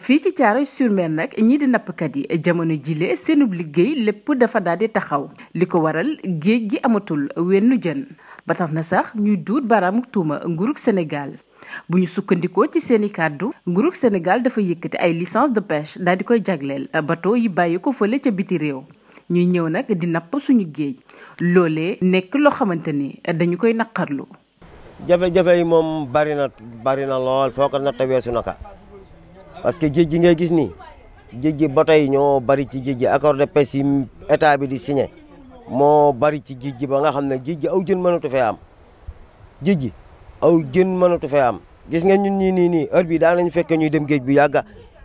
fii ci Thiaroye sur Mer nag ñii di nappkat yi jamono jile seenub liggéey lépp dafa daal taxaw li ko waral géej gi amatul wenn jën ba tax na sax ñuy duut baraamu tuuma nguurug senegal bu ñu sukkandikoo ci seeni kàddu nguurug Sénégal dafa yëkkati ay licence de pêche daal di koy jagleel bateau yi bàyyi ko fële ca biti réew ñuy ñëw nag di napp suñu géej loole nekk loo xamante ni dañu koy naqarlu jafe-jafe yi moom bari na bari na lool foo ko natt weesu naka parce que géej gi ngay gis ni géej gi bato yi ñoo bari ci géej gi accord de pêche yi état bi di signé moo bari ci géej gi ba nga xam ne géej gi aw jën mënatu fee am géej gi aw jën mënatu fee am gis nga ñun ñii nii nii heure bi daan nañu fekk ñuy dem géej bu yàgga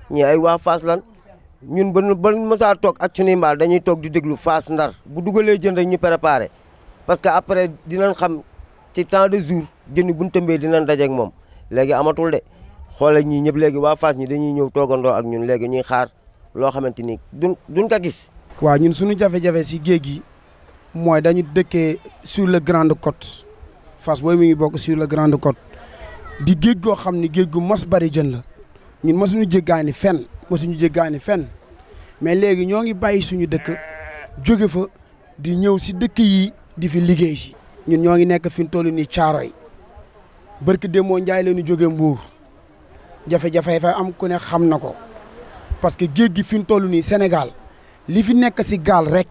ñi ay waa Fass lan ñun ba ba mësaa toog ak suñuy mbaal dañuy toog di déglu Fass Ndar bu dugalee jën rek ñu préparé parce que après dinañ xam ci temps de jour jën buñ tëmbee dinañ dajeek moom léegi amatul de xoolal ñii ñëpp léegi waa Fass ñi dañuy ñëw toogandoo ak ñun léegi ñuy xaar loo xamante ni duñ duñ ko gis. waaw ñun suñu jafe-jafe si géej gi mooy dañu dëkkee sur le grande côte fas booy mi ngi bokk sur le grande côte di géej goo xam ni géej gu mas bari jën la ñun mosuñu jéggaani fenn mosuñu jéggaani fen mais léegi ñoo ngi bàyyi suñu dëkk jóge fa di ñëw si dëkk yi di fi liggéey si. ñun ñoo ngi nekk fi mu toll nii Caaroy barke Demba Ndiaye la ñu jóge Mbuur jafe-jafe fa am ku ne xam na ko parce que géej gi fi mu toll nii Sénégal li fi nekk si gaal rek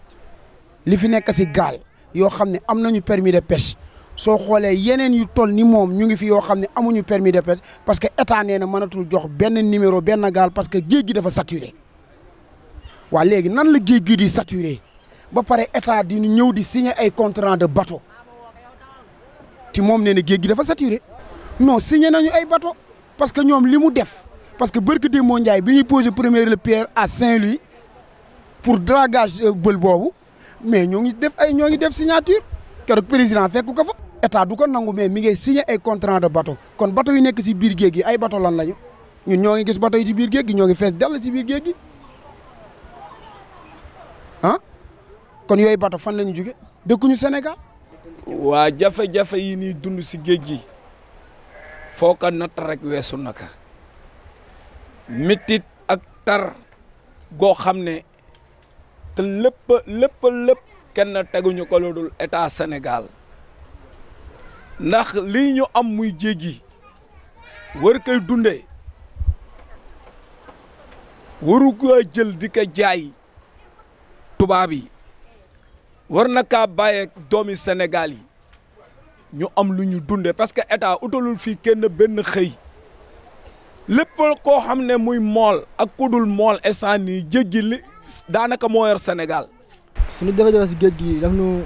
li fi nekk si gaal yoo xam ne am nañu permis de pêche soo xoolee yeneen yu toll ni moom ñu ngi fi yoo xam ne amuñu permis de pêche parce que état nee na mënatul jox benn numéro benn gaal parce que géej gi dafa saturé waa léegi nan la géej gi di saturé ba pare état di ñëw di signer ay contrat de bateau ti moom nee na géej gi dafa saturé non signé nañu ay bateau. parce que ñoom li mu def parce que barke Demba Ndiaye bi ñuy posé le pierre à Saint-Louis pour dragage euh, bël boobu mais ñoo ngi def ay ñoo ngi def signature keroog président fekk ko fa. état du ko nangu mais mi ngi signé ay contrat de bateau kon bateau yi nekk si biir géej gi ay bateau lan lañu ñun ñoo ngi gis bateau yi si biir géej ñoo ngi fees dell si biir géej kon yooyu bateau fan la ñu jóge dëkkuñu Sénégal. waa jafe-jafe yi nii dund si géej gi. foo ko natt weesu na ka ak tar goo xam ne te lépp lépp lépp kenn teguñu ko lu dul état Sénégal ndax li ñu am muy jéggi war dundee waru ko jël dikka ko jaay tubaab yi war na ka bàyyeeg doomi Sénégal yi ñu am lu ñu dundee parce que état utalul fii kenn benn xëy lépp koo xam ne muy mool ak kudul mool instant yi jéggi li daanaka moo yor Sénégal. suñu jafe si géej gi daf nu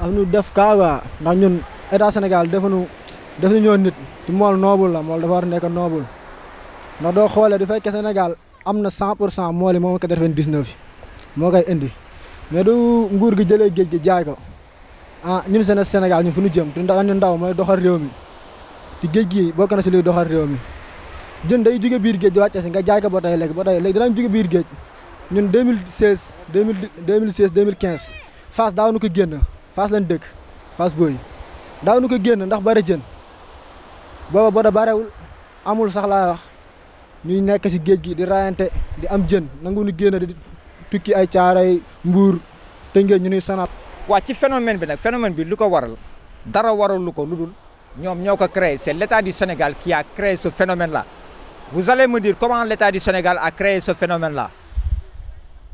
daf ñu def kaawa ndax ñun état Sénégal dafa ñu daf ñu ñoo nit di mool noobul la mool dafa war nekk noobul ndax doo xoolee du fekkee Sénégal am na 100 pour cent mool yi moom 99 moo koy indi mais du nguur gi jëlee géej gi jaay ko. ah ñun jeunesse Sénégal ñun fu ñu jëm te ndaw mooy dox réew mi te géej gi bokk na si luy doxal réew mi jën day jóge biir géej di wàcce si nga jaay ko ba tey léegi ba tey léegi danañ jóge biir géej ñun 2016 2016 2015 Fass daaw nu ko génn Fass lañ dëkk fas booy daaw nu ko génn ndax bare jën booba boo da barewul amul sax laa wax ñuy nekk si géej gi di raayante di am jën nangu nu génn di tukki ay caaray mbuur te ngeen ñu nuy sanat waa ci phénomène bi nag phénomène bi lu ko waral dara waral lu ko lu dul ñoom ñoo ko créé c'est l'état di Sénégal ki a créé ce phénomène là vous allez me dire comment l'état du Sénégal a créé ce phénomène là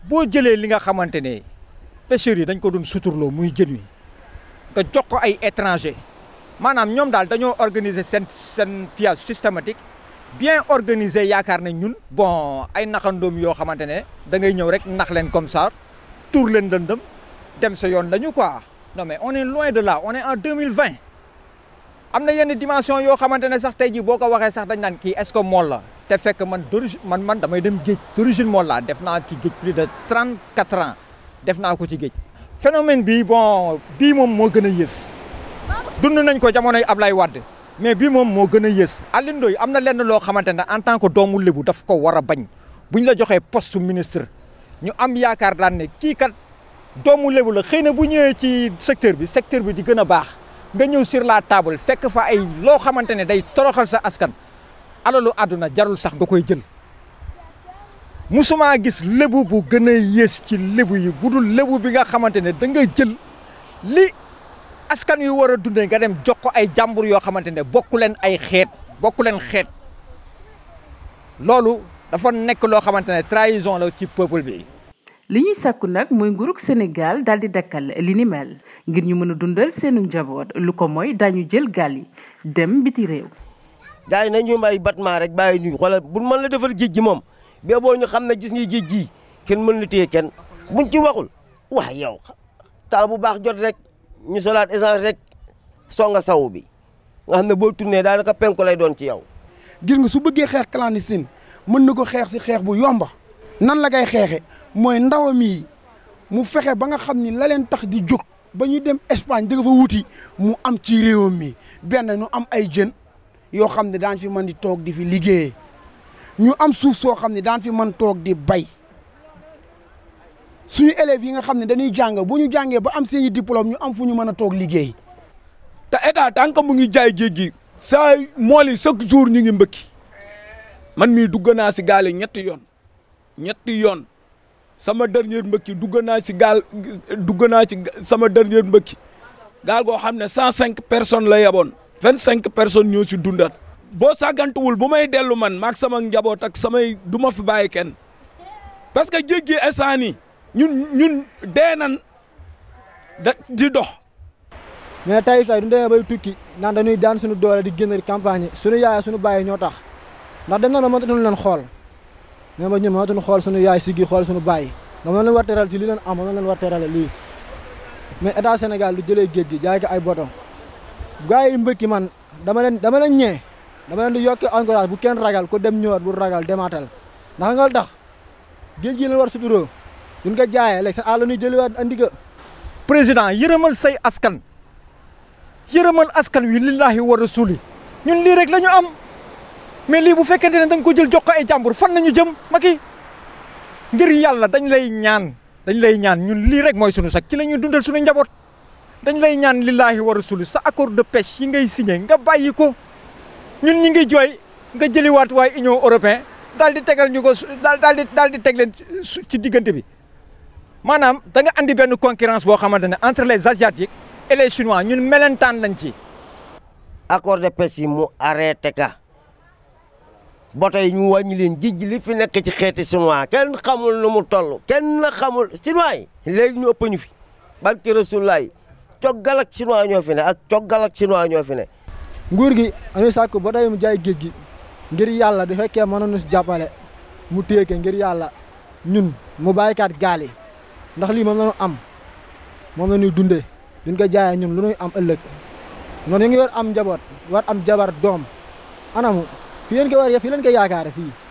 boo jëlee li nga xamante ne pêcheurs yi dañ ko doon suturloo muy jën wi nga jox ko ay étrangers maanaam ñoom daal dañoo organiser seen seen pillage systématique bien organisé yaakaar nañ ñun bon ay naxandoom yoo xamante ne da ngay ñëw rek nax leen comme ça tuur leen dëndëm dem sa yoon lañu quoi mais on est loin de là on est en 2020 am na yenn dimension yoo xamante ne sax tey jii boo ko waxee sax dañ naan kii est-ce que mool la te fekk man d'origine man man damay dem géej d'origine mool laa def naa ci géej plus de 34 ans def naa ko ci géej phénomène bi bon bii moom moo gën a yées dund nañ ko jamonoy Ablaye Wade mais bii moom moo gën a yées Alioune Ndoye am na lenn loo xamante ne en tant que doomu Lebu daf ko war a bañ bu ñu la joxee poste ministre ñu am yaakaar daan ne kii ka doomu Lebu la xëy na bu ñëwee ci secteur bi secteur bi di gën a baax nga ñëw sur la table fekk fa ay loo xamante ne day toroxal sa askan alalu àdduna jarul sax nga koy jël musuma gis lébu bu gën a yées ci lébu yi bu dul lébu bi nga xamante ne da jël li askan yu war a dundee nga dem jox ko ay jàmbur yoo xamante ne bokku leen ay xeet bokku leen xeet loolu dafa nekk loo xamante ne trahison la ci peuple bi li ñuy sàkku nag mooy nguruk Sénégal daal di dakkal li ni mel ngir ñu mën a dundal seenu njaboot lu ko mooy daañu jël gaal yi dem biti réew. gars yi nañ ñu may batma rek bàyyi ñu xoolal bu mën la defal géej gi moom bee boo ñu xam ne gis nga géej gii kenn mën la téye kenn buñ ci waxul waaye yow taal bu baax jot rek ñu solaat essence rek songa saw bi nga xam ne boo tourné daanaka penku lay doon ci yow. gis nga su bëggee xeex clandestine mën na ko xeex si xeex bu yomba nan la koy xeexe mooy ndawam yi mu fexe ba nga xam ni la leen tax di jóg ba ñu dem Espagne da fa wuti mu am ci réewam mi benn ñu am ay jën yoo xam ne daan fi mën di toog di fi liggéeyee ñu am suuf soo xam ne daan fi man toog di bay suñu élèves yi nga xam ne dañuy jàng bu ñu jàngee ba am si i diplôme ñu am fu ñu mën a toog liggéey. te état tant que mu ngi jaay géej gi saa mool yi chaque jour ñu ngi mbëkki man mii dugg naa si gaale ñetti yoon. ñetti yoon sama dernier mbëkki dugg naa ci gaal dugg naa ci sama dernier mbëkki gaal goo xam ne cent cinq personnes la yeboon vingt cinq personnes ñoo ci dundat boo sàggantuwul bu may dellu man maak sama njaboot ak samay du ma fi bàyyi kenn parce que jéggi instant nii ñun ñun dee nan da di dox. mais tey say du demee bay tukki ndax dañuy daan suñu doole di génn campagne yi suñu yaay suñu bàyyi ñoo tax ndax dem na ne mënatuñu leen xool. mais ma ñun mënatuñu xool suñu yaay siggi xool suñu baay dama leen war teral ci li leen am dama leen war terale lii mais état senegal lu jëlee géej gi jaay ko ay boto gars yi mbëkki man dama leen dama leen ñee dama leen di yokk encourage bu kenn ragal ko dem ñëwaat bu ragal demaatal ndax nga tax géej gi leen war suturoo duñ ko jaayee léegi sa àll ñuy jëliwaat andi ko président yërëmal say askan yërëmal askan wi lillahi wa rasuli ñun lii ñu am mais lii bu fekkente ne da nga ko jël jox ko ay jàmbur fan la ñu jëm Macky ngir yàlla dañ lay ñaan dañ lay ñaan ñun lii rek mooy sunu sax ci la ñuy dundal suñu njaboot dañ lay ñaan lillaahi wa rasulu sa accord de pêche yi ngay signé nga bàyyi ko ñun ñi ngi jooy nga jëliwaat waay union européen daal di tegal ñu ko daal di daal teg leen ci diggante bi maanaam da nga andi benn concurrence boo xamante ne entre les asiatiques et les chinois ñun melentaan lañ ci. accord de pêche yi mu arrêté ka ba tey ñu wàññi leen gij li fi nekk ci xeeti chinois kenn xamul nu mu toll kenn xamul chinois yi léegi ñu ëpp ñu fi barki Rasulullah yi coggal ñoo fi ne ak coggal ak ñoo fi ne. nguur gi anu sàkk ba tey mu jaay géej gi ngir yàlla du fekkee mënoon na si jàppale mu téeke ngir yàlla ñun mu bàyyikaat gaal ndax lii moom la am moom la ñuy dundee duñ ko jaayee ñun lu ñuy am ëllëg noonu ñu ngi war am njaboot war am jabar doom anamu. fi leen ko war fii leen ko yaakaare fii